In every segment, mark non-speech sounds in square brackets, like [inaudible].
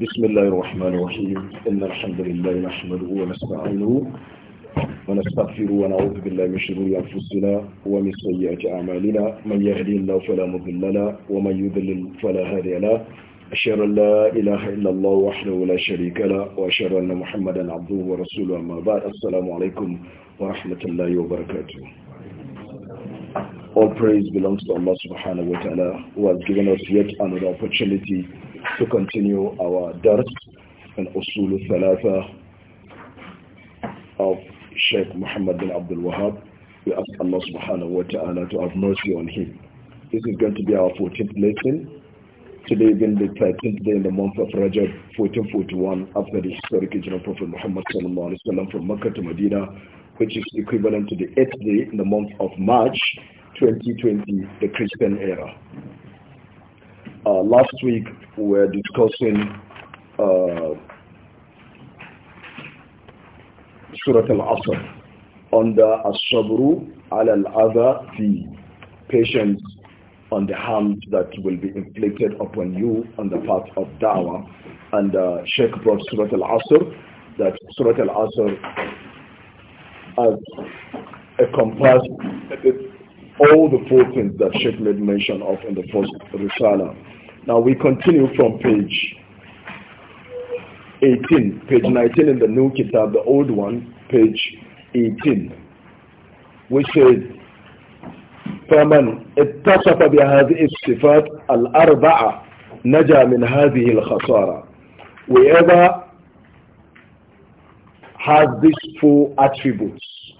بسم الله الرحمن الرحيم إن الحمد لله نحمده ونستعينه ونستغفره ونعوذ بالله من شرور أنفسنا ومن سيئات أعمالنا من يهدي الله فلا مضل له ومن يضلل فلا هادي له أشهد أن لا إله إلا الله وحده لا شريك له وأشهد أن محمدا عبده ورسوله أما بعد السلام عليكم ورحمة الله وبركاته All praise belongs to Allah subhanahu wa ta'ala who has given us yet another opportunity to continue our dars and usul thalatha of Sheikh Muhammad bin Abdul Wahab. We ask Allah subhanahu wa ta'ala to have mercy on him. This is going to be our 14th lesson. Today being the 13th day in the month of Rajab 1441 after the historic age of Prophet Muhammad sallallahu alaihi wasallam from Mecca to Medina, which is equivalent to the 8th day in the month of March 2020, the Christian era. Uh, last week we were discussing uh, Surah Al-Asr under As-Sabru Al-Adha the patience on the harms that will be inflicted upon you on the path of Dawah. And uh, Sheikh brought Surah Al-Asr, that Surah Al-Asr as a compass, all the four things that Sheikh made mention of in the first Risala. Now we continue from page 18, page 19 in the new Kitab, the old one, page 18, which says, فمن اتصف بهذه الصفات الأربعة نجا من هذه الخسارة. Whoever has these four attributes,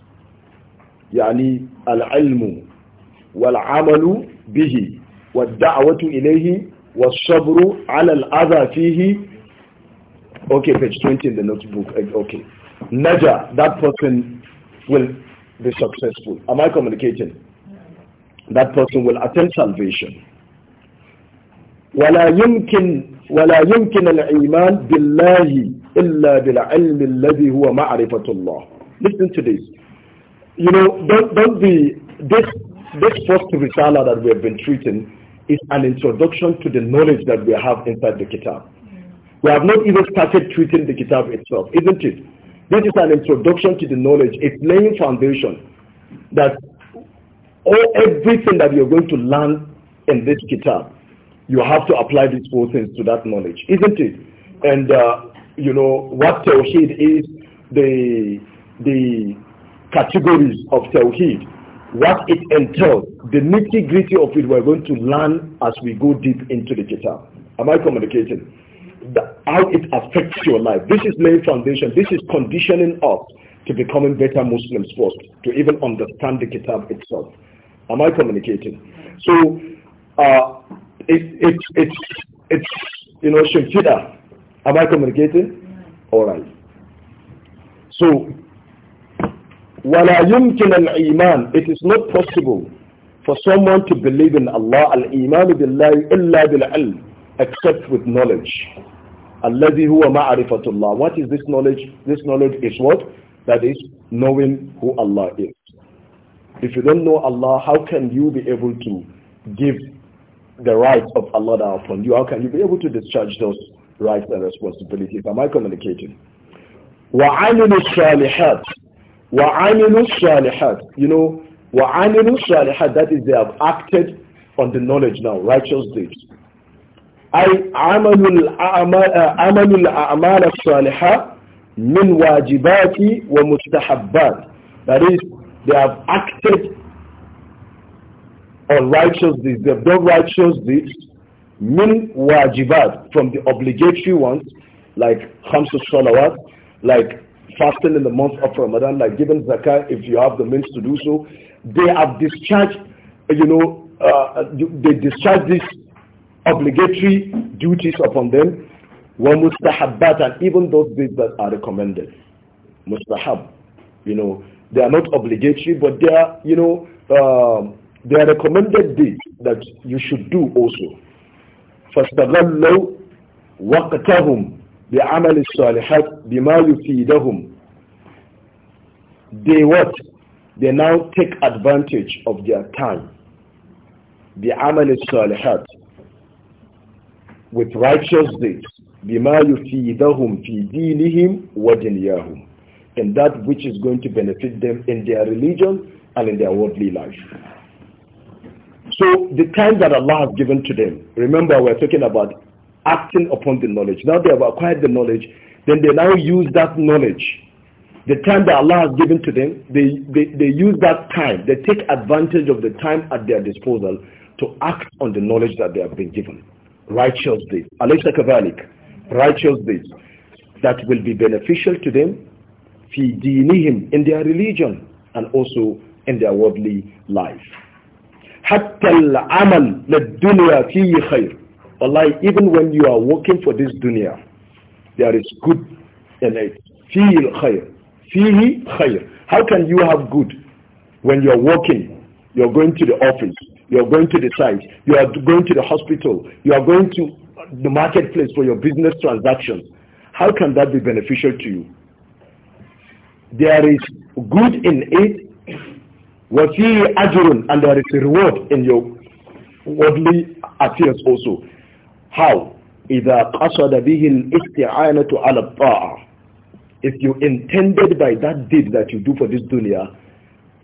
يعني العلم والعمل به والدعوة إليه والصبر على الأذى فيه okay page 20 in the notebook eh, okay naja that person will be successful am I communicating that person will attain salvation ولا يمكن ولا يمكن الإيمان بالله إلا بالعلم الذي هو معرفة الله listen to this you know don't, don't be this this first risala that we have been treating is an introduction to the knowledge that we have inside the kitab. Mm. We have not even started treating the kitab itself, isn't it? This is an introduction to the knowledge. It's laying foundation that all everything that you're going to learn in this kitab, you have to apply these four things to that knowledge, isn't it? And uh, you know what tawheed is, the the categories of tawheed, what it entails, the nitty-gritty of it we're going to learn as we go deep into the kitab. Am I communicating? The, how it affects your life. This is main foundation. This is conditioning us to becoming better Muslims first, to even understand the kitab itself. Am I communicating? So uh, it, it, it's, it's, you know, shimfida. Am I communicating? All right. So وَلَا يُمْكِنَ الْإِيمَانِ It is not possible for someone to believe in Allah al-iman billahi illa bil-ilm except with knowledge. الَّذِي هُوَ مَعْرِفَةُ اللَّهِ What is this knowledge? This knowledge is what? That is knowing who Allah is. If you don't know Allah, how can you be able to give the rights of Allah to upon you? How can you be able to discharge those rights and responsibilities? Am I communicating? وَعَمِلُوا الصَّالِحَاتِ وَعَمِلُوا الصَّالِحَاتِ You know, وَعَمِلُوا الصَّالِحَاتِ That is, they have acted on the knowledge now, righteous deeds. أي عمل عمل الأعمال الصالحة من واجبات ومستحبات. That is, they have acted on righteous deeds. They have done righteous deeds min wajibat from the obligatory ones like khamsu salawat, like fasting in the month of Ramadan, like giving zakah if you have the means to do so. They have discharged, you know, uh, they discharge these obligatory duties upon them. mustahabbat and even those deeds that are recommended. Mustahab, you know, they are not obligatory, but they are, you know, uh, they are recommended deeds that you should do also. فَاسْتَغَلَّوْا وَقْتَهُمْ بعمل الصالحات بما يفيدهم they what they now take advantage of their time بعمل الصالحات with righteous deeds بما يفيدهم في دينهم ودنياهم and that which is going to benefit them in their religion and in their worldly life so the time that Allah has given to them remember we're talking about acting upon the knowledge. Now they have acquired the knowledge, then they now use that knowledge. The time that Allah has given to them, they, they, they use that time. They take advantage of the time at their disposal to act on the knowledge that they have been given. Righteous deeds. Alexa Kavalik, righteous deeds that will be beneficial to them fi in their religion and also in their worldly life. حتى العمل للدنيا فيه خير Allah, even when you are working for this dunya, there is good in it. Feel khair. feel khair. How can you have good when you're working? You're going to the office. You're going to the site. You are going to the hospital. You are going to the marketplace for your business transactions. How can that be beneficial to you? There is good in it. وَفِي أَجْرٌ And there is a reward in your worldly affairs also. How? إِذَا قَصَدَ بِهِ الْإِسْتِعَانَةُ عَلَى الطَّاعَةِ If you intended by that deed that you do for this dunya,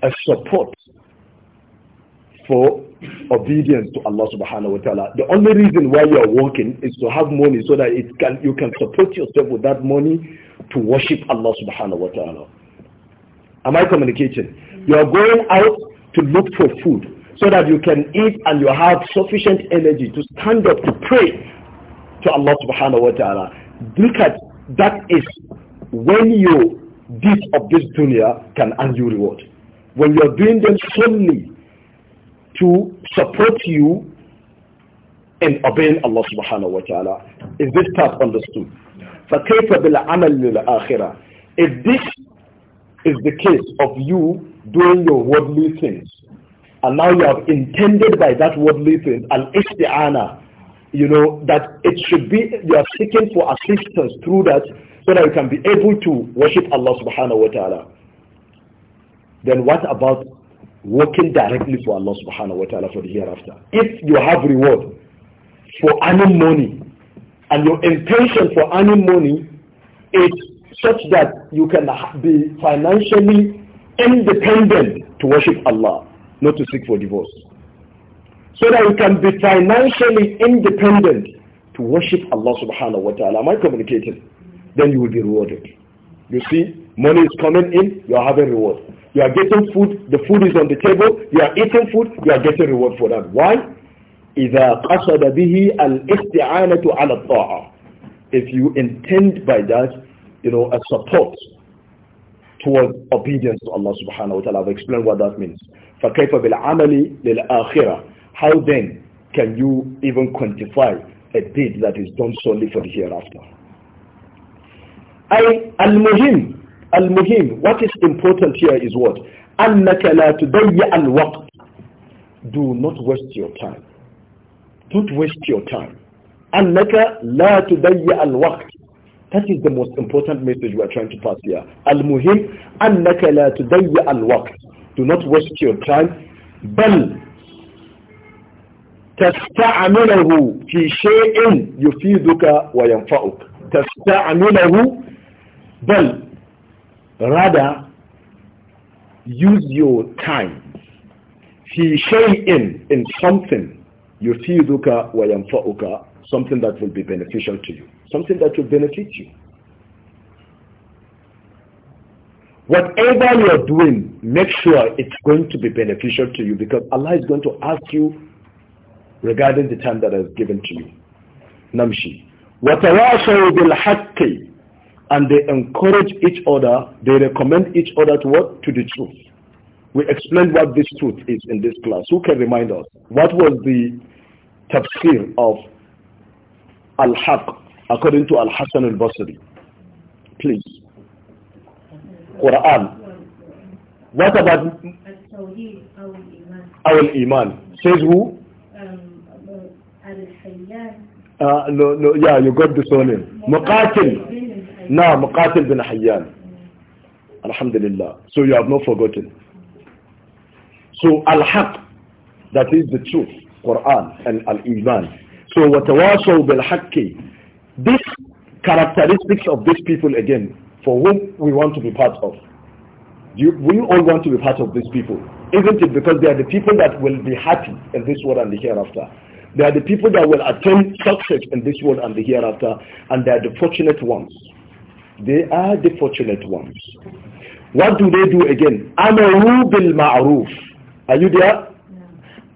a support for obedience to Allah subhanahu wa ta'ala. The only reason why you are working is to have money so that it can, you can support yourself with that money to worship Allah subhanahu wa ta'ala. Am I communicating? You are going out to look for food so that you can eat and you have sufficient energy to stand up to pray to Allah subhanahu wa ta'ala. Look at that is when you deeds of this dunya can earn you reward. When you are doing them solely to support you in obeying Allah subhanahu wa ta'ala. Is this part understood? فَكَيْفَ بِالْعَمَلِ لِلْآخِرَةِ If this is the case of you doing your worldly things and now you have intended by that worldly thing, the istiana you know, that it should be, you are seeking for assistance through that so that you can be able to worship Allah subhanahu wa ta'ala. Then what about working directly for Allah subhanahu wa ta'ala for the hereafter? If you have reward for earning money and your intention for earning money is such that you can be financially independent to worship Allah not to seek for divorce. So that you can be financially independent to worship Allah subhanahu wa ta'ala. Am I communicating? Then you will be rewarded. You see, money is coming in, you are having reward. You are getting food, the food is on the table, you are eating food, you are getting reward for that. Why? إِذَا قَصَدَ بِهِ الْإِسْتِعَانَةُ عَلَى الطَّاعَةِ If you intend by that, you know, a support towards obedience to Allah subhanahu wa ta'ala. I've explained what that means. فَكَيْفَ بِالْعَمَلِ لِلْآخِرَةِ How then can you even quantify a deed that is done solely for the hereafter? al-muhim, al-muhim, what is important here is what? أَنَّكَ لَا تُضَيِّعَ الْوَقْتِ Do not waste your time. Don't waste your time. أَنَّكَ لَا تُضَيِّعَ الْوَقْتِ That is the most important message we are trying to pass here. Al-muhim, أَنَّكَ لَا تُضَيِّعَ الْوَقْتِ do not waste your time. بل تستعمله في شيء يفيدك وينفعك تستعمله بل rather use your time في شيء in something يفيدك وينفعك something that will be beneficial to you something that will benefit you Whatever you're doing, make sure it's going to be beneficial to you because Allah is going to ask you regarding the time that is given to you. Namshi. وَتَوَاصَوْا بِالْحَقِّ And they encourage each other, they recommend each other to what? To the truth. We explained what this truth is in this class. Who can remind us? What was the tafsir of Al-Haqq according to Al-Hasan al-Basri? Please. Qur'an what about our iman says who uh, no, no, yeah, you got the surname. Muqatil. No, Muqatil bin Hayyan. Alhamdulillah. So you have not forgotten. So Al-Haq, that is the truth, Quran and Al-Iman. So وَتَوَاصَوْا بِالْحَقِّ These characteristics of these people again for whom we want to be part of. You, we all want to be part of these people, isn't it? Because they are the people that will be happy in this world and the hereafter. They are the people that will attain success in this world and the hereafter, and they are the fortunate ones. They are the fortunate ones. What do they do again? Amaru bil ma'ruf. Are you there?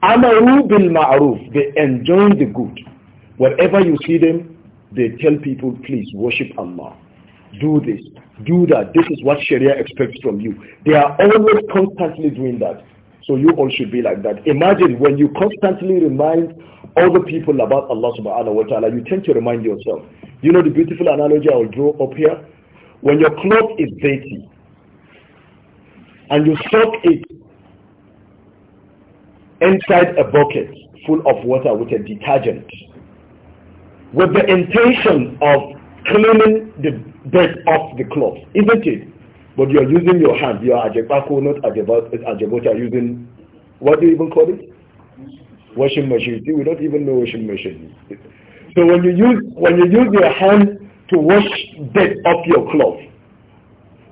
Amaru bil They enjoy the good. Wherever you see them, they tell people, please worship Allah do this, do that. This is what Sharia expects from you. They are always constantly doing that. So you all should be like that. Imagine when you constantly remind other people about Allah subhanahu wa ta'ala, you tend to remind yourself. You know the beautiful analogy I'll draw up here? When your cloth is dirty and you soak it inside a bucket full of water with a detergent with the intention of cleaning the dead off the cloth, isn't it? But you're using your hand. You are ajebako, not ajebota, using, what do you even call it? Washing machine. See, we don't even know washing machine. So when you use, when you use your hand to wash dead off your cloth,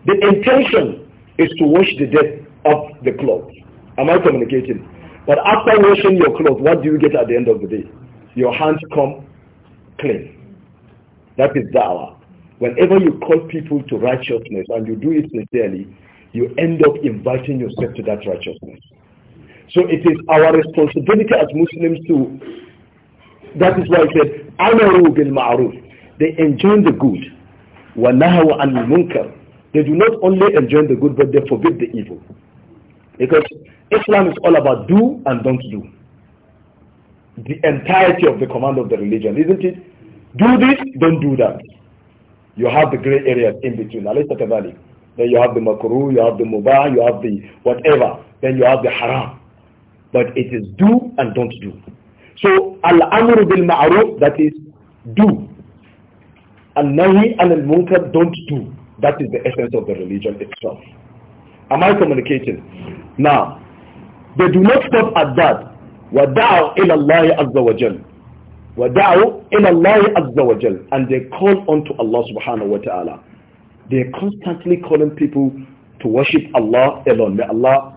the intention is to wash the dead off the cloth. Am I communicating? But after washing your clothes, what do you get at the end of the day? Your hands come clean. That is da'wah. Whenever you call people to righteousness and you do it sincerely, you end up inviting yourself to that righteousness. So it is our responsibility as Muslims to, that is why I said, Amaru bil ma'ruf. They enjoin the good. Wa nahawa anil munkar. They do not only enjoin the good, but they forbid the evil. Because Islam is all about do and don't do. The entirety of the command of the religion, isn't it? Do this, don't do that. You have the gray areas in between. Alayhi takadhalik. Then you have the makruh, you have the mubah, you have the whatever. Then you have the haram. But it is do and don't do. So al-amru bil ma'ruf, that is do. Al-nahi and al-munkar, don't do. That is the essence of the religion itself. Am I communicating? Now, they do not stop at that. وَدَعَوْا إِلَى اللَّهِ عَزَّ وَجَلَّ وَدَعُوا إِلَى اللَّهِ عَزَّ وَجَلَ And they call unto Allah subhanahu wa ta'ala. They're constantly calling people to worship Allah alone. May Allah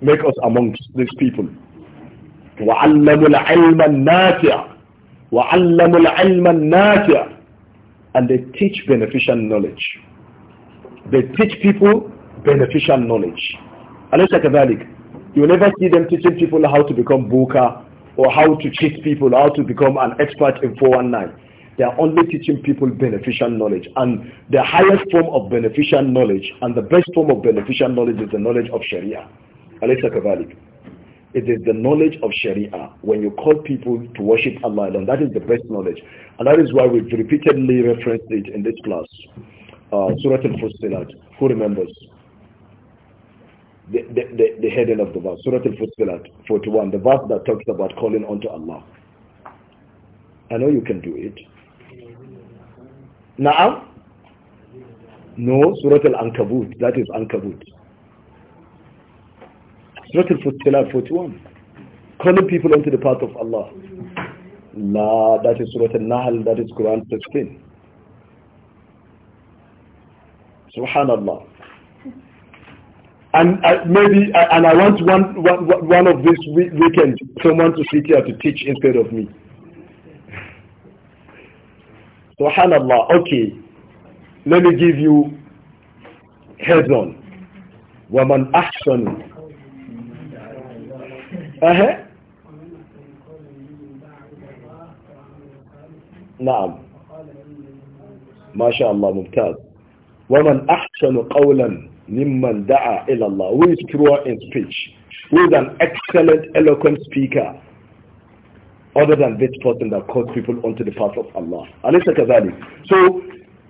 make us amongst these people. وَعَلَّمُوا الْعِلْمَ النَّافِعَ وَعَلَّمُوا الْعِلْمَ النَّافِعَ And they teach beneficial knowledge. They teach people beneficial knowledge. And it's like You will never see them teaching people how to become buka or how to cheat people, how to become an expert in 419. They are only teaching people beneficial knowledge. And the highest form of beneficial knowledge and the best form of beneficial knowledge is the knowledge of Sharia. Alexa Kavalik. It is the knowledge of Sharia. When you call people to worship Allah alone, that is the best knowledge. And that is why we've repeatedly referenced it in this class. Uh, Surah al fusilat Who remembers? the, the, the, heading of the verse, Surah Al-Fussilat 41, the verse that talks about calling unto Allah. I know you can do it. Now, No, Surah Al-Ankabut, that is Ankabut. Surah Al-Fussilat 41, calling people onto the path of Allah. La, that is Surah Al-Nahl, that is Quran 16. Subhanallah and uh, maybe uh, and I want one, one, one of these week, weekends someone to sit here to teach instead of me. Subhanallah. Okay, let me give you heads on. Woman action. Uh huh. نعم ما شاء الله ممتاز ومن أحسن قولا mimman da'a ilallah, who is pure in speech, who is an excellent, eloquent speaker, other than this person that calls people onto the path of Allah. So,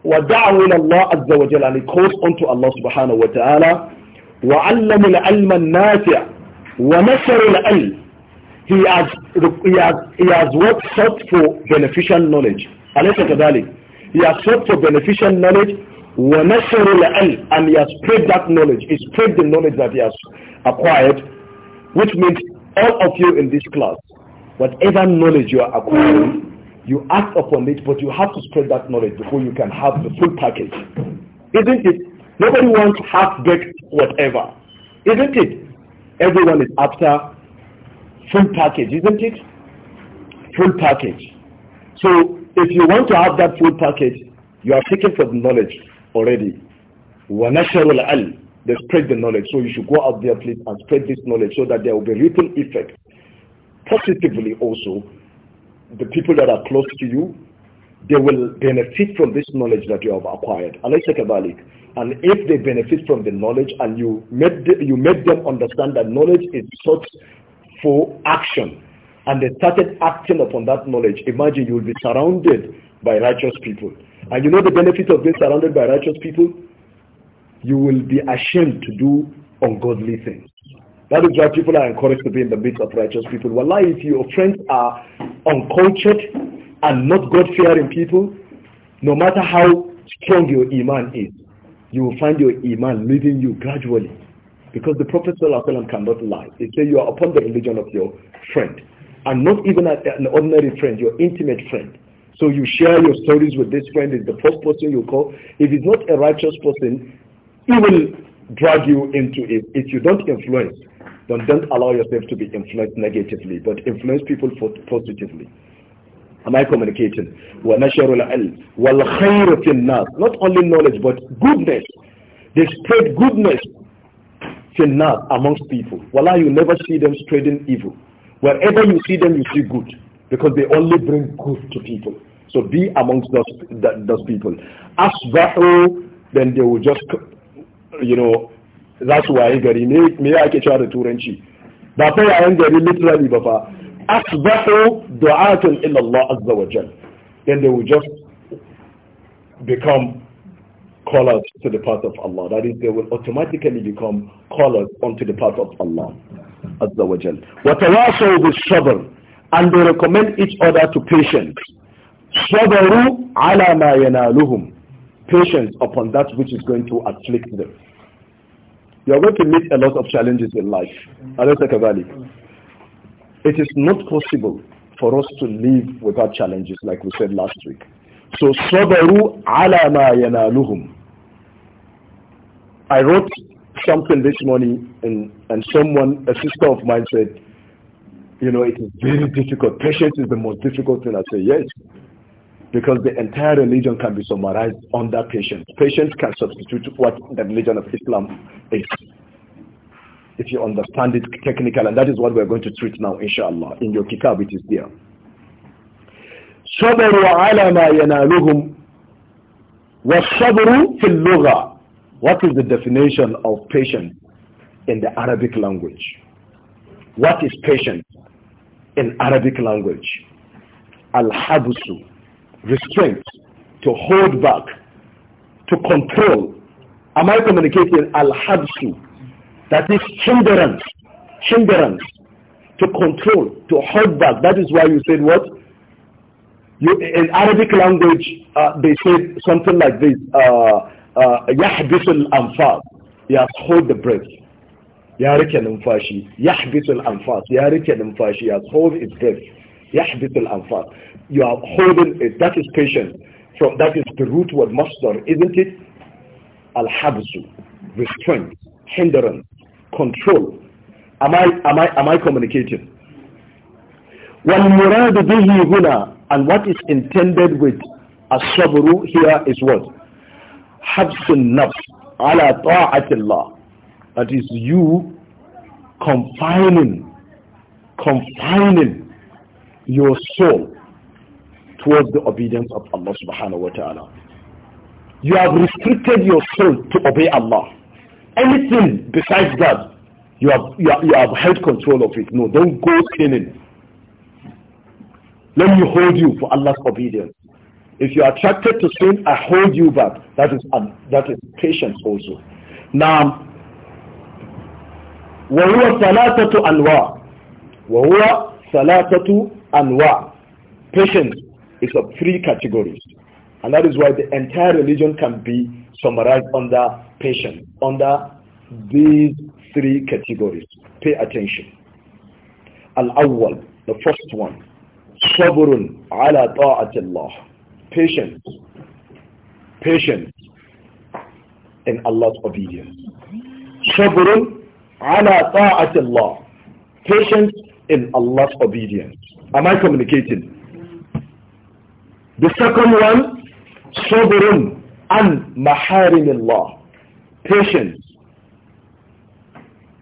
وَدَعَهُ إِلَى اللَّهِ عَزَّ وَجَلَ And he calls onto Allah subhanahu wa ta'ala, وَعَلَّمُ الْعَلْمَ النَّافِعَ وَنَشَرُ الْعَلْمِ he has, he has, he has what sought for beneficial knowledge. Alaysa kadhalik. He has sought for beneficial knowledge and he has spread that knowledge. He spread the knowledge that he has acquired, which means all of you in this class, whatever knowledge you are acquiring, you act upon it, but you have to spread that knowledge before you can have the full package. Isn't it? Nobody wants half-baked whatever. Isn't it? Everyone is after full package, isn't it? Full package. So if you want to have that full package, you are for the knowledge already. وَنَشَرُ الْعَلْمِ They spread the knowledge. So you should go out there, please, and spread this knowledge so that there will be ripple effect. Positively also, the people that are close to you, they will benefit from this knowledge that you have acquired. And And if they benefit from the knowledge and you make you make them understand that knowledge is sought for action, and they started acting upon that knowledge, imagine you will be surrounded by righteous people. And you know the benefit of being surrounded by righteous people? You will be ashamed to do ungodly things. That is why people are encouraged to be in the midst of righteous people. Wallahi, if your friends are uncultured and not God-fearing people, no matter how strong your iman is, you will find your iman leaving you gradually. Because the Prophet ﷺ cannot lie. He said you are upon the religion of your friend and not even a, an ordinary friend, your intimate friend. So you share your stories with this friend, is the first person you call. If he's not a righteous person, he will drag you into it. If you don't influence, then don't allow yourself to be influenced negatively, but influence people positively. Am I communicating? وَنَشَرُ الْعِلْمِ وَالْخَيْرُ فِي النَّاسِ Not only knowledge, but goodness. They spread goodness fil amongst people. Wallah, you never see them spreading evil. Wherever you see them, you see good, because they only bring good to people. So be amongst those, that, those people. Asbahu, then they will just, you know, that's why gari may I catch out da Turenchi. But I'm gari literally ba fa uh, asbahu du'atun the Allah azza wa jal then they will just become callers to the path of Allah that is they will automatically become callers onto the path of Allah Azza wa Jal. وَتَوَاصَوْا بِالصَّبْرِ And they recommend each other to patience. صَبَرُوا عَلَى مَا يَنَالُهُمْ Patience upon that which is going to afflict them. You are going to meet a lot of challenges in life. It is not possible for us to live without challenges like we said last week. So صَبَرُوا عَلَى مَا يَنَالُهُمْ I wrote something this morning and, and someone, a sister of mine said, you know, it is very difficult. Patience is the most difficult thing. I say, yes, because the entire religion can be summarized under patience. Patience can substitute what the religion of Islam is. If you understand it technically, and that is what we're going to treat now, inshallah. In your kitab, it is there. صبروا على ما ينالهم والصبر في اللغة what is the definition of patient in the Arabic language? What is patient in Arabic language? Al-habusu, restraint, to hold back, to control. Am I communicating al-habsu? That is hindrance, hindrance, to control, to hold back. That is why you said what? You, in Arabic language, uh, they said something like this. Uh, yahbisul anfas ya hold the breath ya rike numfashi yahbisul anfas ya rike numfashi ya hold his breath yahbisul anfas you are holding it that is patience from that is the root word master, isn't it al-habsu restraint hindrance control am i am i am i communicating والمراد به هنا and what is intended with as here is what habsun nafs ala ta'atillah. That is you confining, confining your soul towards the obedience of Allah subhanahu wa ta'ala. You have restricted your soul to obey Allah. Anything besides that, you have, you have, you have held control of it. No, don't go sinning. Let me hold you for Allah's obedience. If you are attracted to sin, I hold you back. That is, um, that is patience also. Now, وهو ثلاثة أنواع وهو ثلاثة anwa. Patience is of three categories. And that is why the entire religion can be summarized under patience, under these three categories. Pay attention. Al-awwal, the first one. صبر على طاعة الله Patience. Patience and Allah's obedience. Sabrun ala ta'atillah. Patience in Allah's obedience. Am I communicating? The second one, sabrun an maharimillah. Patience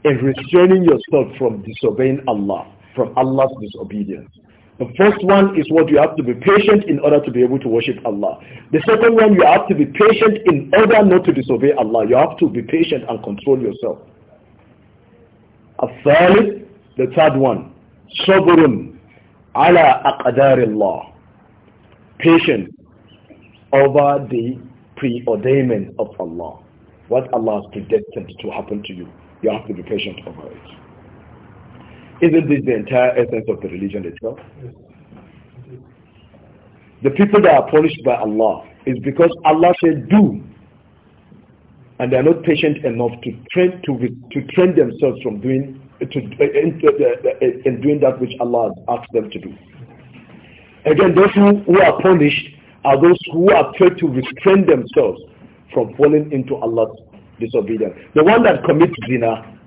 in restraining yourself from disobeying Allah, from Allah's disobedience. The first one is what you have to be patient in order to be able to worship Allah. The second one, you have to be patient in order not to disobey Allah. You have to be patient and control yourself. A third, the third one, sabrun ala aqdarillah. Patient over the preordainment of Allah. What Allah has predestined to happen to you. You have to be patient over it. Isn't this the entire essence of the religion itself? The people that are punished by Allah is because Allah said do and they are not patient enough to train to to train themselves from doing to in, uh, in, doing that which Allah has asked them to do. Again, those who, who are punished are those who are trained to restrain themselves from falling into Allah's disobedience. The one that commits zina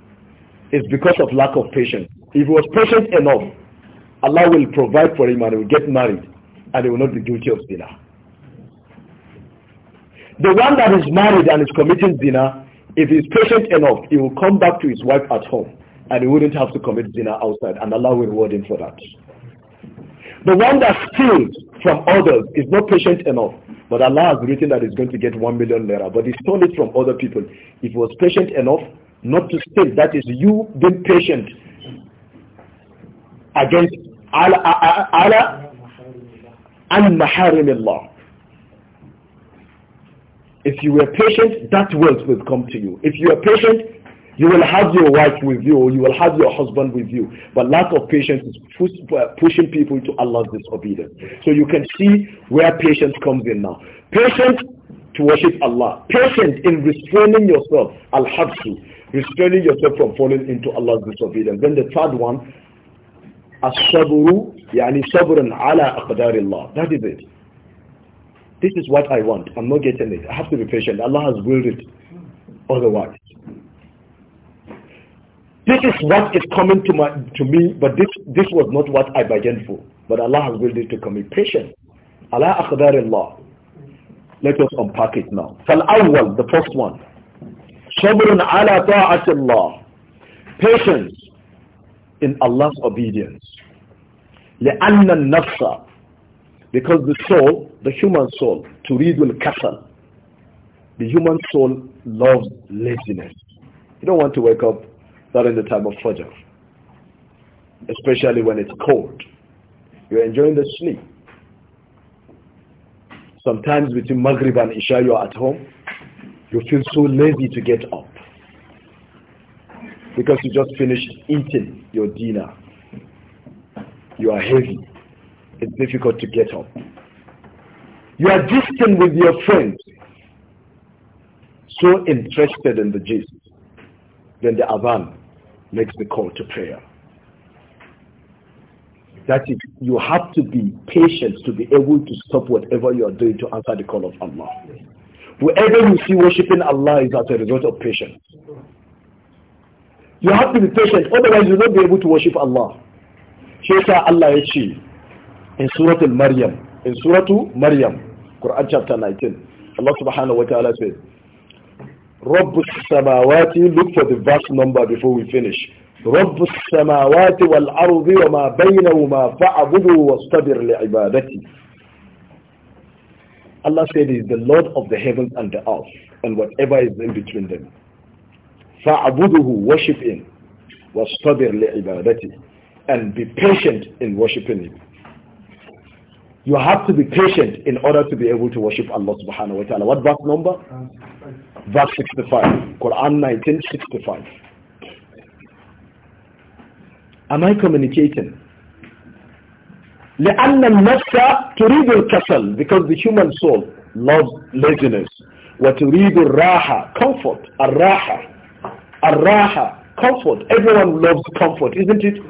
is because of lack of patience. If he was patient enough, Allah will provide for him and he will get married and he will not be guilty of zina. The one that is married and is committing zina, if he is patient enough, he will come back to his wife at home and he wouldn't have to commit zina outside and Allah will reward him for that. The one that steals from others is not patient enough. But Allah has written that he's going to get one million naira. But he stole it from other people. If he was patient enough not to steal, that is you being patient against ala, ala and Allah. If you were patient, that wealth will come to you. If you are patient, you will have your wife with you, or you will have your husband with you. But lack of patience is push, uh, pushing people to Allah's disobedience. So you can see where patience comes in now. Patience to worship Allah. Patient in restraining yourself, al-habsu, restraining yourself from falling into Allah's disobedience. Then the third one, الصبر يعني صبر على أقدار الله. That is it. This is what I want. I'm not getting it. I have to be patient. Allah has willed it otherwise. This is what is coming to, my, to me, but this, this was not what I bargained for. But Allah has willed it to come. Be patient. Allah أقدار الله. Let us unpack it now. فالأول, the first one. صبر على طاعة الله. Patience in Allah's obedience. لأن النفس because the soul, the human soul, to read will kasal. The human soul loves laziness. You don't want to wake up during the time of Fajr, especially when it's cold. You're enjoying the sleep. Sometimes between Maghrib and Isha, you're at home. You feel so lazy to get up because you just finished eating your dinner. You are heavy. It's difficult to get up. You are distant with your friends. So interested in the gist. Then the Avan makes the call to prayer. That is, you have to be patient to be able to stop whatever you are doing to answer the call of Allah. Whoever you see worshipping Allah is as a result of patience you have to be patient otherwise you won't be able to worship Allah shi yasa Allah ya ce in suratul maryam in suratu maryam Quran chapter 19 Allah subhanahu wa ta'ala says Rabbus samawati look for the verse number before we finish رب السماوات والأرض وما بينهما فاعبده واصطبر لعبادتي Allah said is the Lord of the heavens and the earth and whatever is in between them فَعْبُدُهُ Worship Him. وَاصْطَبِرْ لِعِبَادَتِهِ And be patient in worshiping Him. You have to be patient in order to be able to worship Allah subhanahu wa ta'ala. What verse number? Verse 65. Quran 19, 65. Am I communicating? لأن النفس تريد الكسل because the human soul loves laziness وتريد الراحة comfort الراحة Araha, comfort. Everyone loves comfort, isn't it?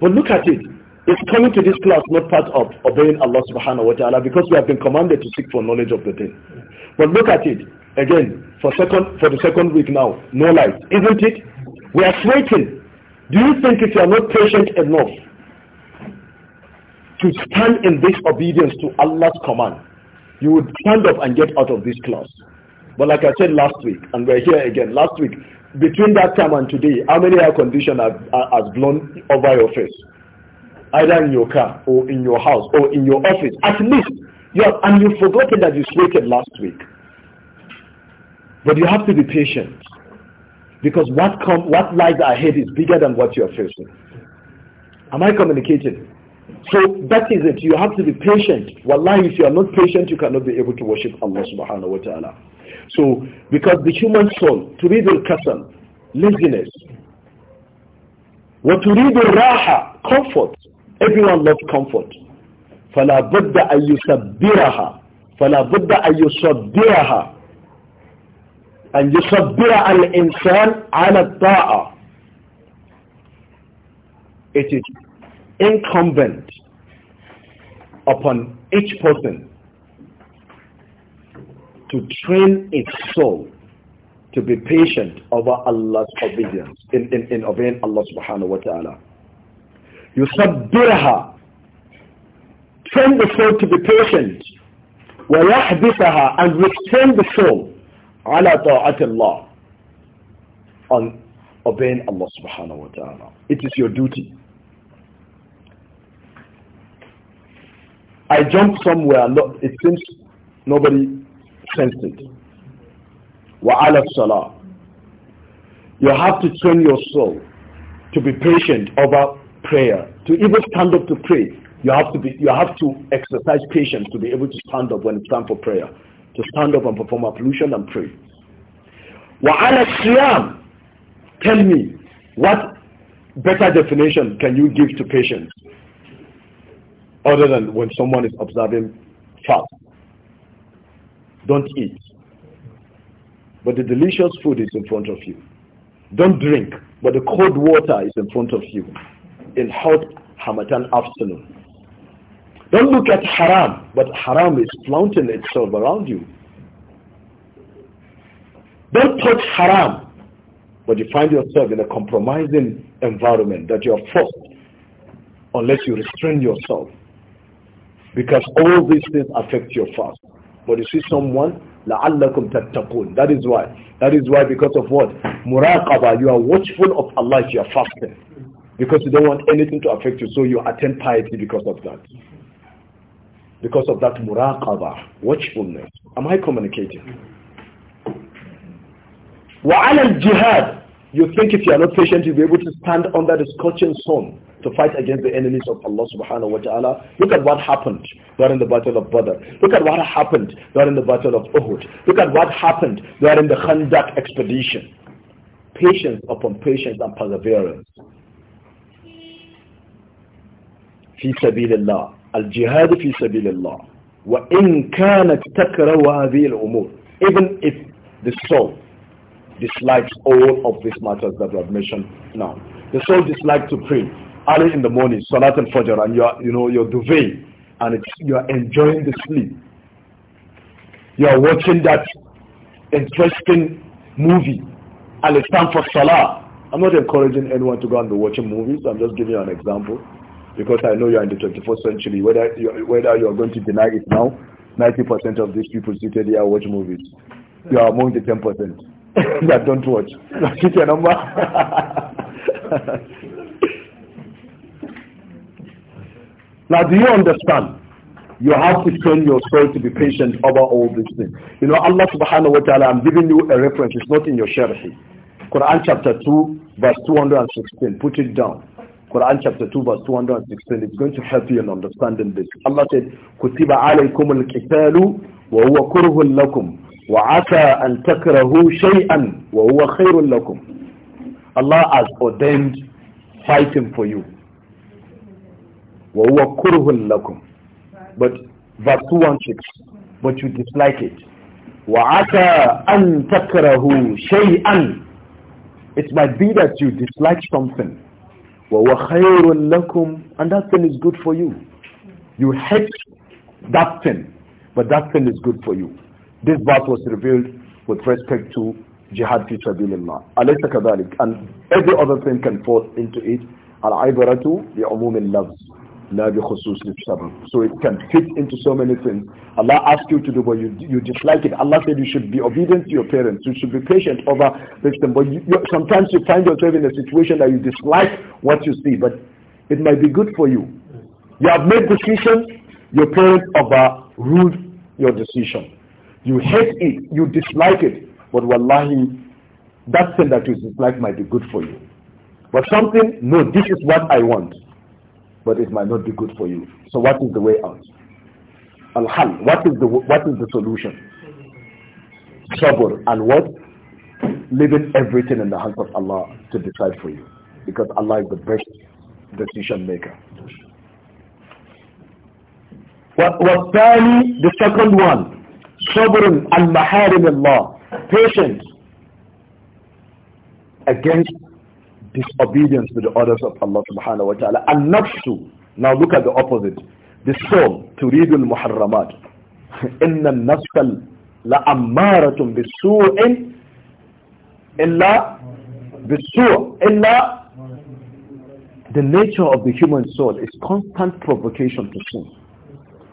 But look at it. It's coming to this class not part of obeying Allah subhanahu wa ta'ala because we have been commanded to seek for knowledge of the day. But look at it. Again, for second for the second week now, no light, isn't it? We are sweating. Do you think if you are not patient enough to stand in this obedience to Allah's command, you would stand up and get out of this class? But like I said last week, and we're here again, last week, between that time and today, how many air conditioners has blown over your face? Either in your car or in your house or in your office. At least, you have, and you've forgotten that you sweated last week. But you have to be patient because what, com- what lies ahead is bigger than what you are facing. Am I communicating? So that is it. You have to be patient. Wallahi, if you are not patient, you cannot be able to worship Allah subhanahu wa ta'ala. So, because the human soul, to read the kasal laziness, what to read the raha comfort. Everyone loves comfort. فَلَا بُدَّ أَن يُسَبِّرَهَا فَلَا بُدَّ أَن يُصَبِّرَهَا أن يصبر الإنسان على الطاعة. It is incumbent upon each person to train its soul to be patient over Allah's obedience in, in, in obeying Allah subhanahu wa ta'ala. You sabbirha. Train the soul to be patient. وَيَحْبِسَهَا And restrain the soul عَلَى طَاعَةِ اللَّهِ On obeying Allah subhanahu wa ta'ala. It is your duty. I jumped somewhere, it seems nobody sensed it. ala salah. You have to train your soul to be patient over prayer. To even stand up to pray, you have to, be, you have to exercise patience to be able to stand up when it's time for prayer. To stand up and perform ablution and pray. ala siyam. Tell me, what better definition can you give to patience? other than when someone is observing fast. Don't eat. But the delicious food is in front of you. Don't drink, but the cold water is in front of you in hot Hamatan afternoon. Don't look at haram, but haram is flaunting itself around you. Don't touch haram, but you find yourself in a compromising environment that you are forced unless you restrain yourself because all these things affect your fast. But you see someone, لَعَلَّكُمْ تَتَّقُونَ That is why. That is why because of what? مراقبة. you are watchful of Allah, you are fasting. Because you don't want anything to affect you, so you attend piety because of that. Because of that مراقبة. watchfulness. Am I communicating? وعلى الجهاد you think if you are not patient, you'll be able to stand under the scorching sun to fight against the enemies of Allah subhanahu wa ta'ala. Look at what happened during the battle of Badr. Look at what happened during the battle of Uhud. Look at what happened during the Khandak expedition. Patience upon patience and perseverance. في سبيل الله الجهاد في سبيل الله وإن كانت تكره هذه الأمور even if the soul dislikes all of these matters that we have mentioned now. The soul dislikes to pray early in the morning, Salat and Fajr, and you are, you know, you're duvet, and you are enjoying the sleep. You are watching that interesting movie, and it's time for Salah. I'm not encouraging anyone to go and be watching movies. I'm just giving you an example because I know you're in the 21st century. Whether you're, whether you're going to deny it now, 90% of these people seated here watch movies. You are among the 10% that [laughs] don't watch shi your number. [laughs] now do you understand you have to train your soul to be patient over all these things you know Allah subhanahu wa ta'ala I'm giving you a reference it's not in your sharhi Quran chapter 2 verse 216 put it down Quran chapter 2 verse 216 it's going to help you in understanding this Allah said kutiba alaykum al-qitalu wa huwa lakum وَعَسَىٰ أَن تَكْرَهُوا شَيْئًا وَهُوَ خَيْرٌ لَكُمْ Allah has ordained fighting for you. وَهُوَ كُرْهٌ لَكُمْ But verse 216, but you dislike it. وَعَسَىٰ أَن تَكْرَهُوا شَيْئًا It might be that you dislike something. وَهُوَ خَيْرٌ لَكُمْ And that thing is good for you. You hate that thing, but that thing is good for you. This verse was revealed with respect to jihad fi sabilillah. And every other thing can fall into it. Al-ibaratu bi umum lafz La bi So it can fit into so many things. Allah asks you to do but you, you dislike it. Allah said you should be obedient to your parents. You should be patient over them. But you, you, sometimes you find yourself in a situation that you dislike what you see. But it might be good for you. You have made decisions. Your parents overruled your decision. You hate it. You dislike it. But wallahi, that thing that you dislike might be good for you. But something, no, this is what I want. But it might not be good for you. So what is the way out? Al-hal. is the, what is the solution? Sabr and what? Leaving everything in the hands of Allah to decide for you. Because Allah is the best decision maker. What, what, the second one, Sabrun and maharim Allah. Patience against disobedience to the orders of Allah subhanahu wa ta'ala. And nafsu. Now look at the opposite. The soul, تريد المحرمات. إن النفس لأمارة بالسوء إلا بالسوء illa. The nature of the human soul is constant provocation to sin.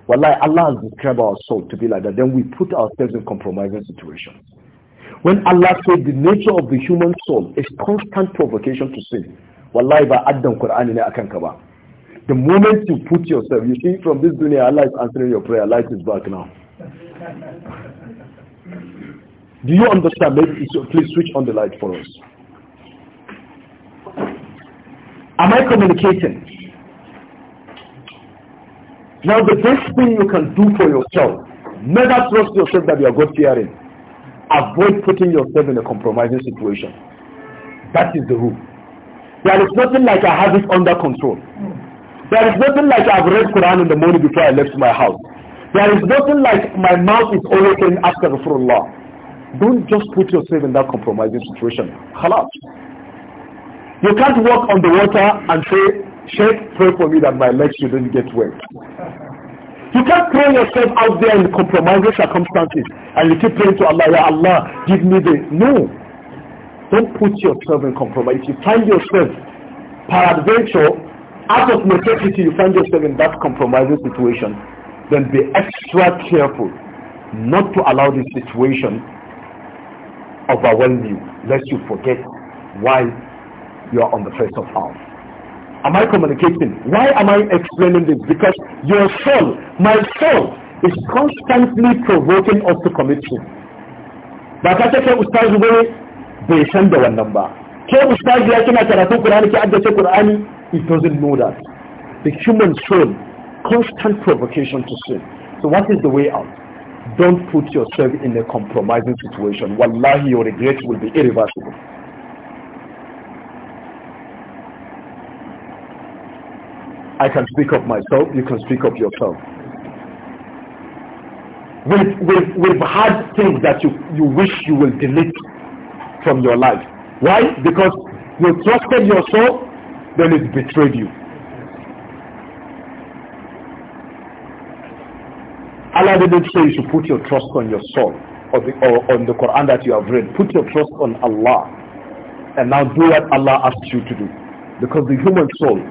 Wallahi, Allah has described our soul to be like that. Then we put ourselves in compromising situations. When Allah said the nature of the human soul is constant provocation to sin, The moment you put yourself, you see from this dunya Allah is answering your prayer, light is back now. [laughs] Do you understand? Maybe please switch on the light for us. Am I communicating? Now the best thing you can do for yourself, never trust yourself that you are God-fearing. Avoid putting yourself in a compromising situation. That is the rule. There is nothing like I have it under control. There is nothing like I've read Quran in the morning before I left my house. There is nothing like my mouth is always saying after Allah. Don't just put yourself in that compromising situation. Halal. You can't walk on the water and say, Shake, pray for me that my legs shouldn't get wet. You can't throw yourself out there in compromising circumstances and you keep praying to Allah, Ya Allah, give me the... No. Don't put yourself in compromise. If you find yourself, peradventure, out of necessity, you find yourself in that compromising situation, then be extra careful not to allow this situation overwhelm you, lest you forget why you are on the face of earth. Am I communicating? Why am I explaining this? Because your soul, my soul, is constantly provoking us to commit sin. Ba ka ce kai ustaz gobe bai san da wannan ba. Ke ustaz ya kina Qur'ani ki addace Qur'ani, it doesn't know that. The human soul, constant provocation to sin. So what is the way out? Don't put yourself in a compromising situation. Wallahi, your regret will be irreversible. I can speak of myself, you can speak of yourself. We've, we've, we've had things that you, you wish you will delete from your life. Why? Because you trusted your soul, then it betrayed you. Allah didn't say you should put your trust on your soul or, the, or on the Quran that you have read. Put your trust on Allah and now do what Allah asks you to do. Because the human soul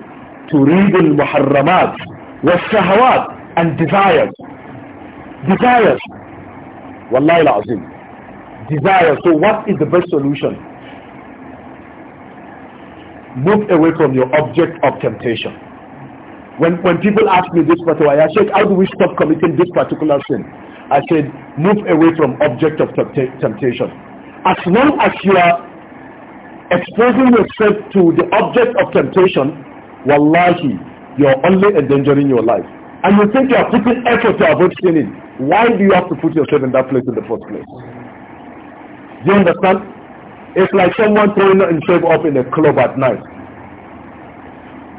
to read in muharramat wal-shahawat and desires desires wallahi al-azim desire so what is the best solution move away from your object of temptation when when people ask me this particular i said how do we stop committing this particular sin i said move away from object of temptation as long as you are exposing yourself to the object of temptation wallahi, you're only endangering your life. And you think you are putting effort to avoid sinning. Why do you have to put yourself in that place in the first place? Do you understand? It's like someone throwing himself up in a club at night.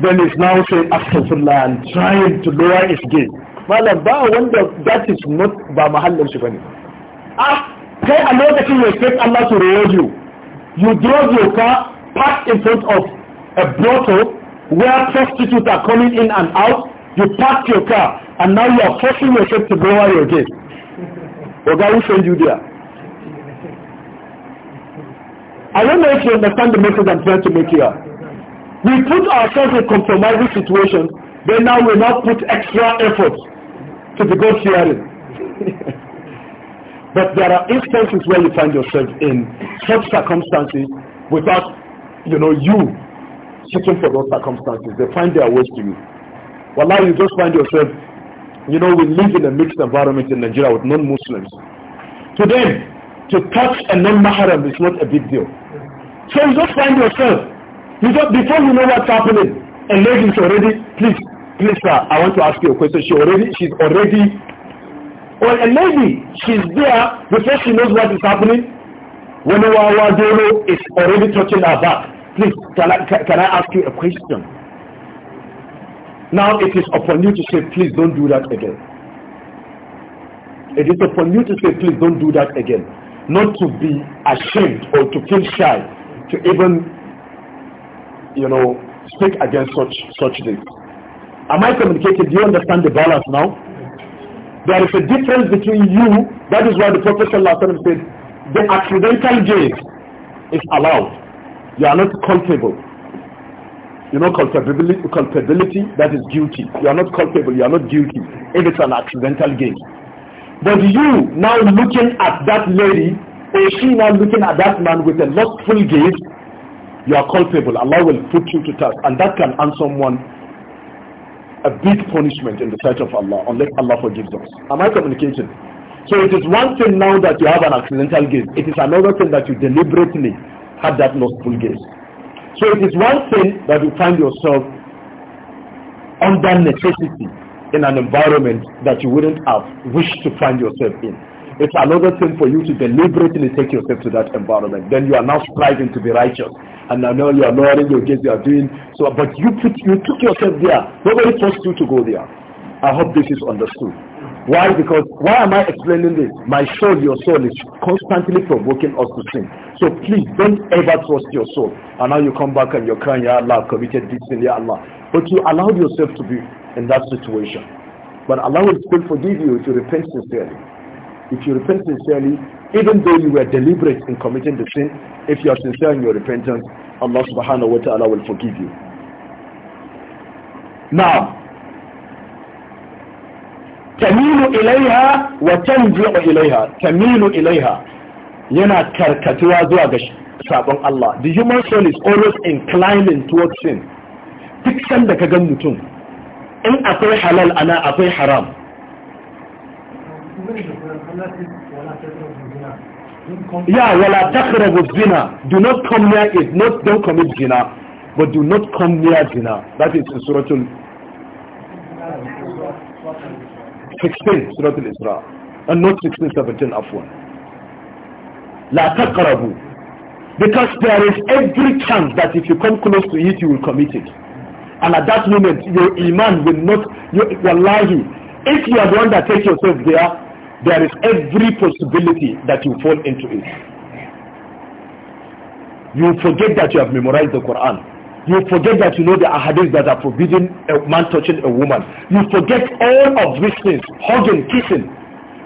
Then he's now saying, Astaghfirullah, and trying to lower his gaze. Malam, I wonder that is not by mahallin shifani. Ah, kai a that you expect Allah to reward you. You drove your car, parked in front of a brothel, where prostitutes are coming in and out, you park your car and now you are forcing yourself to go out your gate. Oga will send you there. I don't know if you understand the message I'm trying to make here. We put ourselves in compromising situations, then now we now put extra effort to the God hearing. [laughs] but there are instances where you find yourself in such circumstances without, you know, you searching for those circumstances. They find their ways to you. now you just find yourself, you know, we live in a mixed environment in Nigeria with non-Muslims. To them, to touch a non-Maharam is not a big deal. So you just find yourself, you just, before you know what's happening, a lady is already, please, please sir, I want to ask you a question. She already, she's already, or well, a lady, she's there before she knows what is happening. When Wawadoro is already touching her back. Please, can I, can, can I ask you a question? Now it is upon you to say, please don't do that again. It is upon you to say, please don't do that again. Not to be ashamed or to feel shy to even, you know, speak against such such things. Am I communicating? Do you understand the balance now? There is a difference between you. That is why the Prophet ﷺ said the accidental gaze is allowed you are not culpable. You know culpability, culpability, that is guilty. You are not culpable, you are not guilty if it's an accidental gain. But you now looking at that lady or she now looking at that man with a lustful gaze, you are culpable. Allah will put you to task. And that can earn someone a big punishment in the sight of Allah unless Allah forgives us. Am I communicating? So it is one thing now that you have an accidental gaze. It is another thing that you deliberately had that lustful gaze. So it is one thing that you find yourself under necessity in an environment that you wouldn't have wished to find yourself in. It's another thing for you to deliberately take yourself to that environment. Then you are now striving to be righteous. And now you are knowing your gaze, you are doing so but you put you took yourself there. Nobody forced you to go there. I hope this is understood. Why? Because why am I explaining this? My soul, your soul is constantly provoking us to sin. So please don't ever trust your soul. And now you come back and you're crying, Ya Allah, I've committed this sin, Ya Allah. But you allowed yourself to be in that situation. But Allah will still forgive you if you repent sincerely. If you repent sincerely, even though you were deliberate in committing the sin, if you are sincere in your repentance, Allah subhanahu wa ta'ala will forgive you. Now, tamilu ilaiha wa tanji'u ilaiha tamilu ilaiha yana karkatuwa zuwa ga sabon Allah the human soul is always inclining towards sin duk sanda ka ga mutum in akwai halal ana akwai haram ya wala taqrabu zina do not come near it not don't commit zina but do not come near zina that is in suratul 16 Surah Al-Isra and not 16, 17 Afwan. La taqrabu. Because there is every chance that if you come close to it, you will commit it. And at that moment, your iman will not, your, lie lying. If you are the one that takes yourself there, there is every possibility that you fall into it. You forget that you have memorized the Quran you forget that you know the ahadith that are forbidding a man touching a woman. You forget all of these things, hugging, kissing.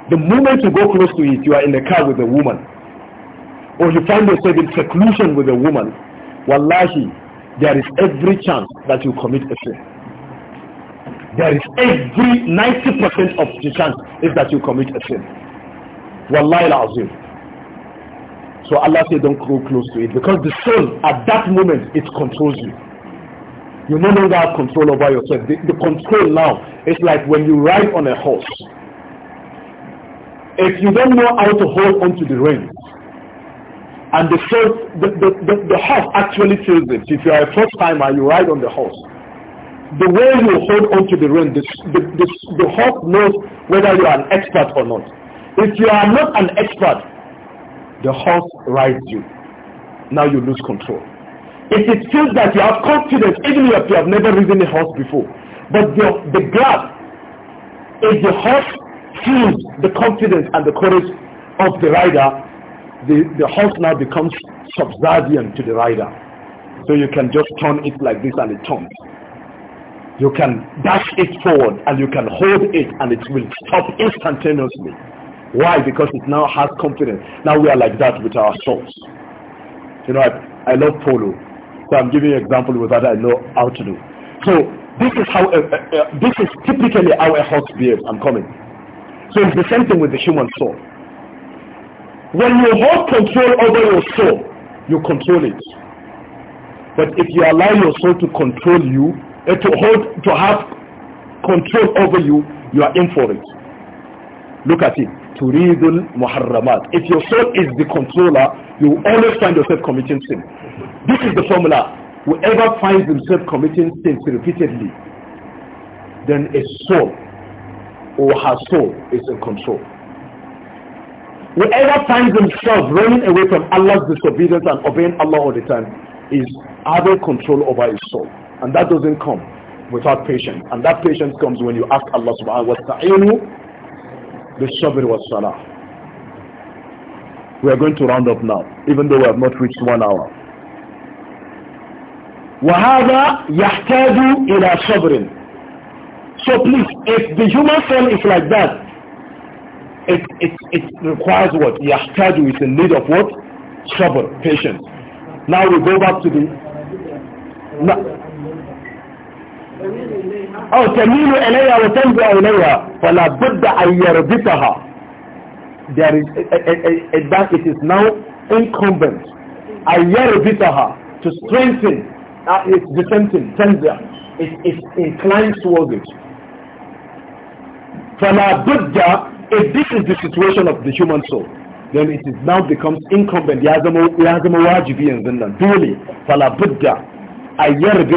The moment you go close to it, you are in the car with a woman. Or you find yourself in seclusion with a woman. Wallahi, there is every chance that you commit a sin. There is every 90% of the chance is that you commit a sin. Wallahi al-azim. So Allah said, don't grow close to it because the soul at that moment, it controls you. You no longer have control over yourself. The, the control now is like when you ride on a horse. If you don't know how to hold onto the reins, and the, soul, the, the, the, the horse actually feels it. If you are a first timer, you ride on the horse. The way you hold onto the reins, the, the, the, the horse knows whether you are an expert or not. If you are not an expert, the horse rides you. Now you lose control. If it feels that you have confidence, even if you have never ridden a horse before. But the, the gap if the horse feels the confidence and the courage of the rider, the, the horse now becomes subservient to the rider. So you can just turn it like this and it turns. You can dash it forward and you can hold it and it will stop instantaneously. Why? Because it now has confidence. Now we are like that with our souls. You know, I, I love polo. So I'm giving you an example with that I know how to do. So this is how, uh, uh, uh, this is typically how a horse behaves. I'm coming. So it's the same thing with the human soul. When you hold control over your soul, you control it. But if you allow your soul to control you, uh, to hold, to have control over you, you are in for it. Look at it turidul muharramat. If your soul is the controller, you always find yourself committing sin. This is the formula. Whoever finds himself committing sins repeatedly, then a soul or her soul is in control. Whoever finds himself running away from Allah's disobedience and obeying Allah all the time is having control over his soul. And that doesn't come without patience. And that patience comes when you ask Allah subhanahu wa ta'ala the was Salah. we are going to round up now even though we have not reached one hour وهذا in إلى صبر so please if the human soul is like that it, it, it requires what يحتاج is in need of what صبر patience now we go back to the أو تميل إليها وتنزع إليها فلا بد أن يربطها there is a, a, a, a, that it is now incumbent أن يربطها to strengthen uh, its dissenting تنزع it, it inclines towards it فلا بد if this is the situation of the human soul then it is now becomes incumbent ya zama ya zama wajibi yanzu nan dole fala budda ayyar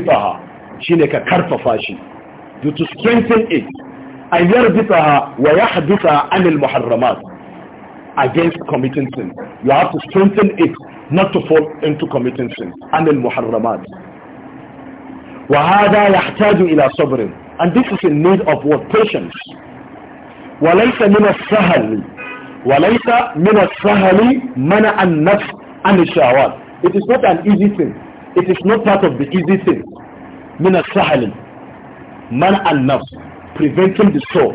you to strengthen it and yarbita wa yahdita anil muharramat against committing sin you have to strengthen it not to fall into committing sin anil muharramat wa hada yahtaju ila sabrin and this is in need of what patience wa laysa min as-sahl wa laysa min as an it is not an easy thing it is not part of the easy thing Mina as man and nafs, preventing the soul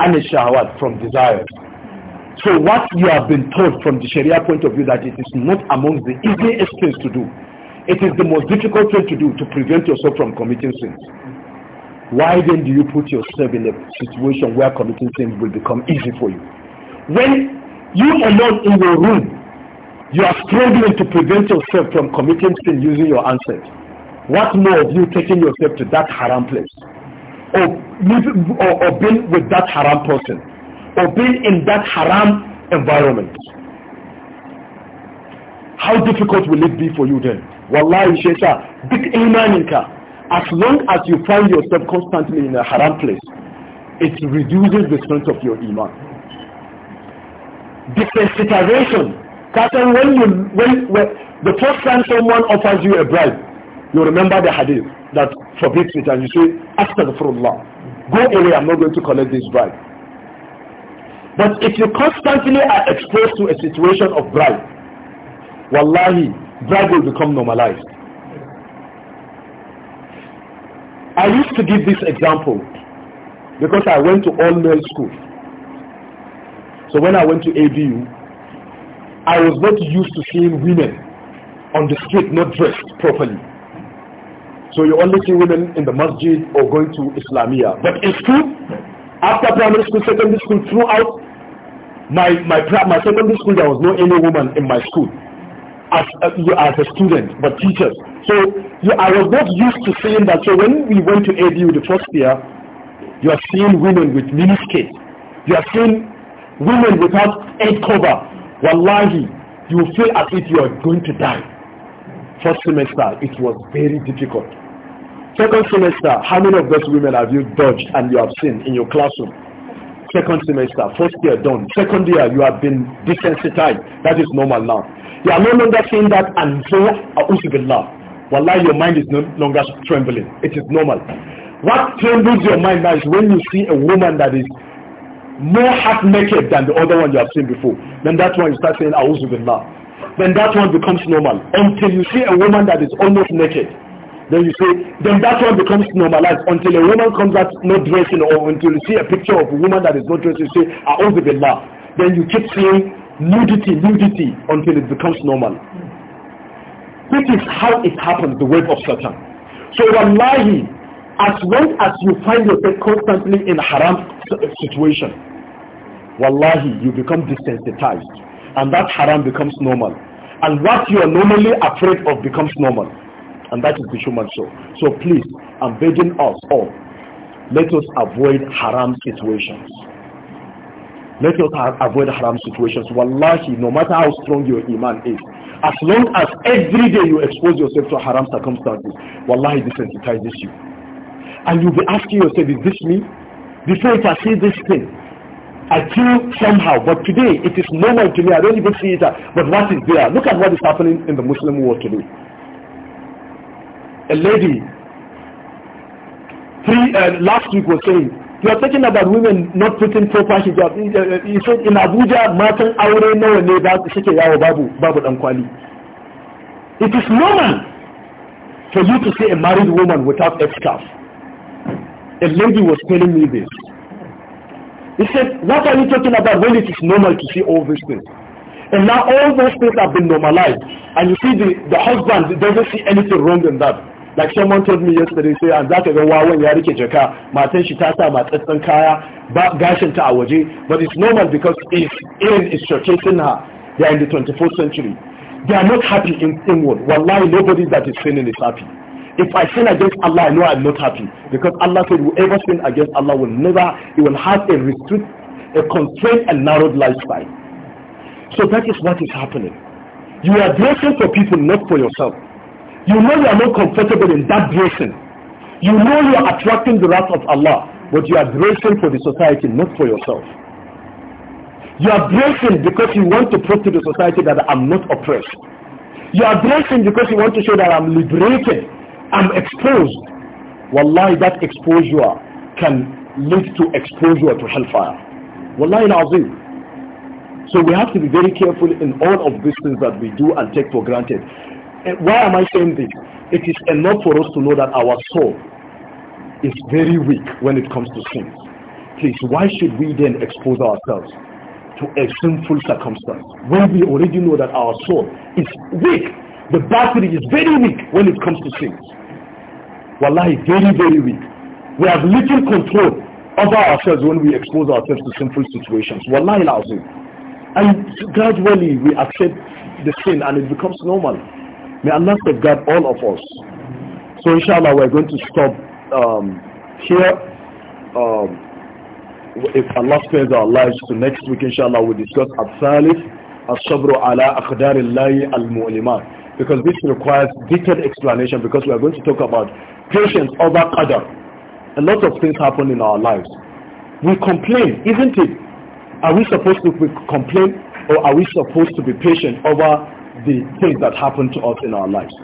and the shahwat from desires. So what you have been told from the Sharia point of view that it is not among the easiest things to do. It is the most difficult thing to do to prevent yourself from committing sins. Why then do you put yourself in a situation where committing sins will become easy for you? When you alone in your room, you are struggling to prevent yourself from committing sin using your ancestors what more of you taking yourself to that haram place? Or, living, or, or being with that haram person? Or being in that haram environment? How difficult will it be for you then? Wallahi shaita, big imanika. As long as you find yourself constantly in a haram place, it reduces the strength of your iman. different Because when you, when, when, the first time someone offers you a bribe, you remember the hadith that forbids it and you say, after the Allah, go away, I'm not going to collect this bribe. But if you constantly are exposed to a situation of bribe, wallahi, bribe will become normalized. I used to give this example because I went to all-male school. So when I went to ABU, I was not used to seeing women on the street not dressed properly. So you only see women in the masjid or going to Islamia. But in school, after primary school, secondary school, throughout my, my, my secondary school, there was no any woman in my school as, uh, as a student, but teachers. So you, I was not used to seeing that. So when we went to ABU the first year, you are seeing women with miniskirts. You are seeing women without head cover. Wallahi, you feel as if you are going to die. First semester, it was very difficult. Second semester, how many of those women have you dodged and you have seen in your classroom? Second semester, first year done. Second year, you have been desensitized. That is normal now. You are no longer saying that and so, love. Uh, Wallahi, your mind is no longer trembling. It is normal. What trembles your mind now is when you see a woman that is more half naked than the other one you have seen before. Then that one you start saying, love then that one becomes normal. Until you see a woman that is almost naked, then you say, then that one becomes normalized. Until a woman comes out not dressing, or until you see a picture of a woman that is not dressed. you say, the Billah. Then you keep saying nudity, nudity, until it becomes normal. This is how it happens, the wave of Satan. So wallahi, as long as you find yourself constantly in haram situation, wallahi, you become desensitized and that haram becomes normal. And what you are normally afraid of becomes normal. And that is the human soul. So please, I'm begging us all, let us avoid haram situations. Let us avoid haram situations. Wallahi, no matter how strong your iman is, as long as every day you expose yourself to haram circumstances, wallahi, this desensitizes you. And you'll be asking yourself, is this me? Before you can say this thing. I feel somehow, but today it is normal to me. I don't even see it, uh, but what is there? Look at what is happening in the Muslim world today. A lady, three, uh, last week was saying, you are talking about women not putting proper hijab. Uh, you said in Abuja, Martin aure nawa ne da suke babu babu dan It is normal for you to see a married woman without a scarf. A lady was telling me this. He said, what are you talking about when it is normal to see all these things? And now all those things have been normalized. And you see the, the husband doesn't see anything wrong in that. Like someone told me yesterday, say, and that is why when you are jaka, my shi ta sa matsatsan kaya, ba gashin ta a waje, but it's normal because if Iran is showcasing her, they are in the 24th century. They are not happy in inward. Wallahi, nobody that is sinning is happy. If I sin against Allah, I know I'm not happy. Because Allah said, whoever sin against Allah will never, he will have a restrict, a constrained and narrowed lifestyle. So that is what is happening. You are dressing for people, not for yourself. You know you are not comfortable in that dressing. You know you are attracting the wrath of Allah, but you are dressing for the society, not for yourself. You are dressing because you want to prove to the society that I'm not oppressed. You are dressing because you want to show that I'm liberated I'm exposed. Wallahi, that exposure can lead to exposure to hellfire. Wallahi al-Azim. So we have to be very careful in all of these things that we do and take for granted. And why am I saying this? It is enough for us to know that our soul is very weak when it comes to sins. Please, why should we then expose ourselves to a sinful circumstance when we already know that our soul is weak? The battery is very weak when it comes to sins wallahi, very, very weak. We have little control over ourselves when we expose ourselves to sinful situations. Wallahi, lazim. And gradually we accept the sin and it becomes normal. May Allah safeguard all of us. So inshallah, we're going to stop um, here. Um, if Allah spares our lives to so next week, inshallah, we'll discuss Al-Thalith, Al-Sabr ala Akhdaril Al-Mu'limat because this requires detailed explanation because we are going to talk about patience over other, A lot of things happen in our lives. We complain, isn't it? Are we supposed to complain or are we supposed to be patient over the things that happen to us in our lives?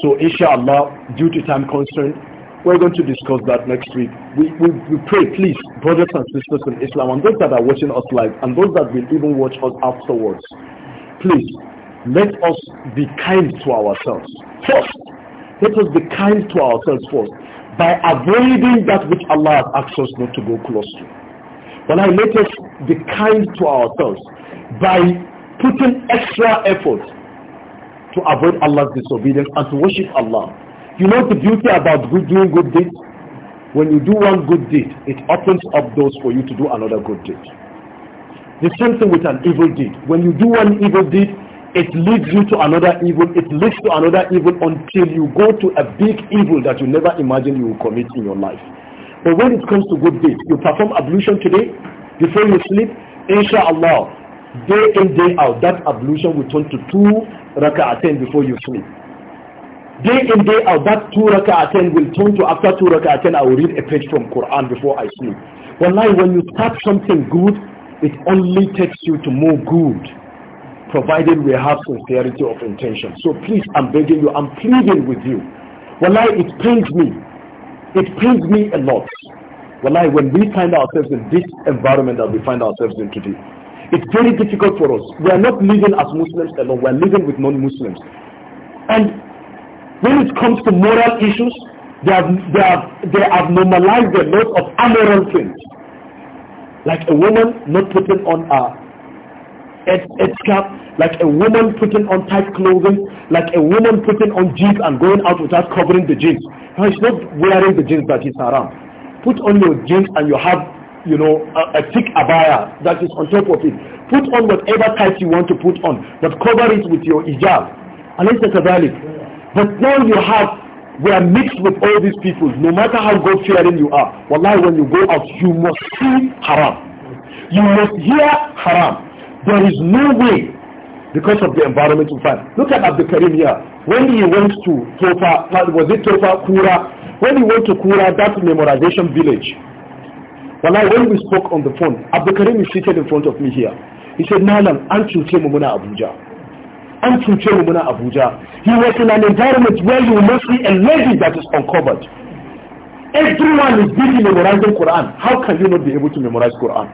So inshallah, due to time constraint, we're going to discuss that next week. We, we, we, pray, please, brothers and sisters in Islam, and those that are watching us live, and those that will even watch us afterwards, please let us be kind to ourselves first. Let us be kind to ourselves first by avoiding that which Allah has asked us not to go close to. But I let us be kind to ourselves by putting extra effort to avoid Allah's disobedience and to worship Allah. You know the beauty about good, doing good deeds? When you do one good deed, it opens up doors for you to do another good deed. The same thing with an evil deed. When you do one evil deed, it leads you to another evil, it leads to another evil until you go to a big evil that you never imagined you will commit in your life. But when it comes to good deeds, you perform ablution today, before you sleep, inshallah, day in, day out, that ablution will turn to two raka'atain before you sleep. Day in, day out, that two raka'atain will turn to after two raka'atain, I will read a page from Quran before I sleep. Wallahi, when you start something good, it only takes you to more good provided we have sincerity of intention. So please, I'm begging you, I'm pleading with you. Wallahi, it pains me. It pains me a lot. Wallahi, when we find ourselves in this environment that we find ourselves in today, it's very difficult for us. We are not living as Muslims alone. We are living with non-Muslims. And when it comes to moral issues, they have, they have, they have normalized a lot of amoral things. Like a woman not putting on a etiquette, like a woman putting on tight clothing, like a woman putting on jeans and going out without covering the jeans. No, it's not wearing the jeans that is haram. Put on your jeans and you have, you know, a, a thick abaya that is on top of it. Put on whatever tight you want to put on, but cover it with your hijab. And it's valid. But now you have, we are mixed with all these people, no matter how God-fearing you are. Wallahi, when you go out, you must see haram. You must hear haram there is no way because of the environmental fact. Look at Abdul Karim here. When he went to Tofa, was it Tofa, Kura? When he went to Kura, that memorization village, well, when we spoke on the phone, Abdul Karim is seated in front of me here. He said, "Nalan, an cuce mu muna Abuja. An cuce mu muna Abuja. He was in an environment where you must see a lady that is uncovered. Everyone is busy memorizing Quran. How can you not be able to memorize Quran?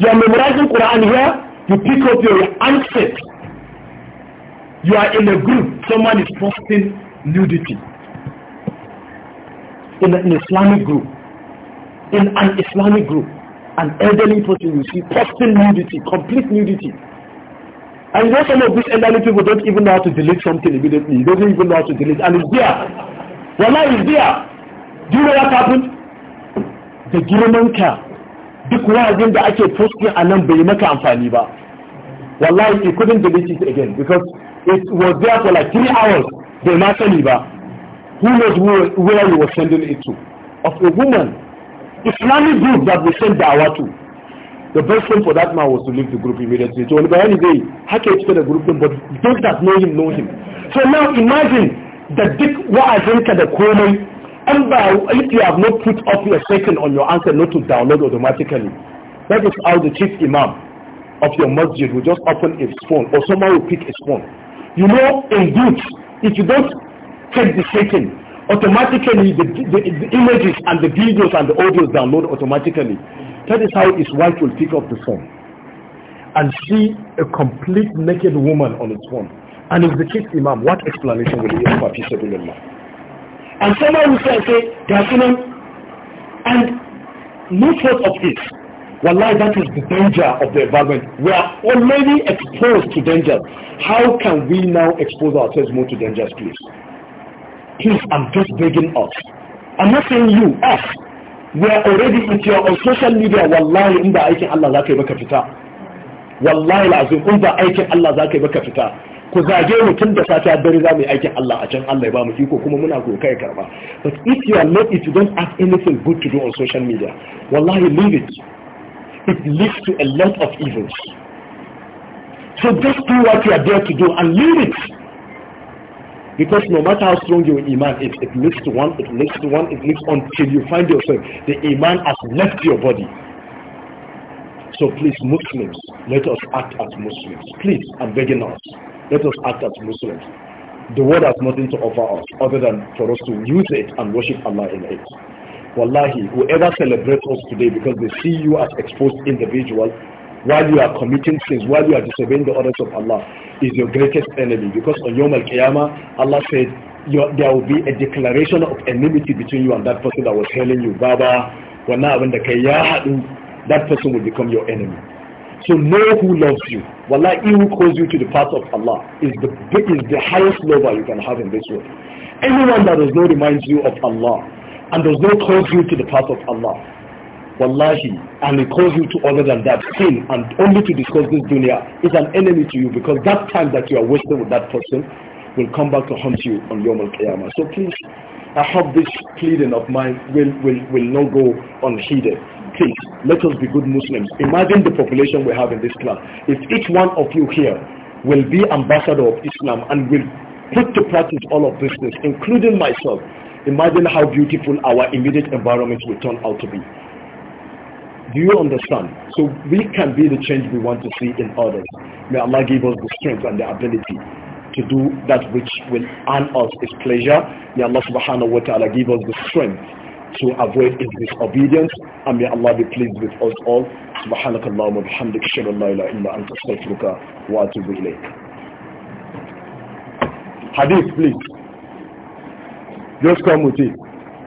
You are memorizing Quran here, you pick up your answer. You are in a group, someone is posting nudity. In an Islamic group. In an Islamic group. An elderly person you see posting nudity, complete nudity. And you know some of these elderly people don't even know how to delete something immediately. They don't even know how to delete. And it's there. Wallah is there. Do you know what happened? The government car duk wa'azin da ake posting a nan bai maka amfani ba wallahi he couldn't delete it again because it was there for like three hours bai ma sani ba who knows where you were sending it to of a woman islamic group that we send dawa to the best thing for that man was to leave the group immediately to wani bayani zai haka ya da group din but those that know him know him so now imagine da duk wa'azinka da komai if you have not put up your second on your answer, not to download automatically. That is how the chief imam of your masjid will just open a phone or someone will pick a phone. You know, in good, if you don't take the second, automatically the, the, the, images and the videos and the audios download automatically. That is how his wife will pick up the phone and see a complete naked woman on his phone. And if the chief imam, what explanation will he give for peace of Allah? And someone will say, okay, Gashinan, and no thought of this. Wallahi, that is the danger of the environment. We are already exposed to danger. How can we now expose ourselves more to dangers, please? Please, I'm just begging us. I'm not saying you, us. We are already, into you on social media, wallahi, in the aikin Allah, za ka yi maka fita. Wallahi, lazim, in the aikin Allah, za ka fita ku zage mu da safiya dare za mu yi aikin Allah a can Allah ya ba mu iko kuma muna ko kai karba but if you are not if you don't have anything good to do on social media wallahi leave it it leads to a lot of evils so just do what you are there to do and leave it because no matter how strong your iman is it leads to one it leads to one it leads until you find yourself the iman has left your body so please, Muslims, let us act as Muslims. Please, I'm begging us. Let us act as Muslims. The world has nothing to offer us other than for us to use it and worship Allah in it. Wallahi, whoever celebrates us today because they see you as exposed individual while you are committing sins, while you are disobeying the orders of Allah, is your greatest enemy. Because on Yom Al-Qiyamah, Allah said, there will be a declaration of enmity between you and that person that was hailing you. Baba, when when the that person will become your enemy. So know who loves you. Wallah, he who calls you to the path of Allah is the, is the highest lover you can have in this world. Anyone that does not remind you of Allah and does not call you to the path of Allah, Wallahi, and he calls you to other than that sin and only to discuss this dunya is an enemy to you because that time that you are wasting with that person will come back to haunt you on Yom Al-Qiyamah. So please, I hope this pleading of mine will, will, will not go unheeded let us be good Muslims. Imagine the population we have in this class. If each one of you here will be ambassador of Islam and will put to practice all of this things, including myself, imagine how beautiful our immediate environment will turn out to be. Do you understand? So we can be the change we want to see in others. May Allah give us the strength and the ability to do that which will earn us His pleasure. May Allah subhanahu wa ta'ala give us the strength to avoid his disobedience. And may Allah be pleased with us all. سبحانك اللهم وبحمدك اشهد ان لا اله الا انت استغفرك واتوب اليك Hadith, please. Just come with it.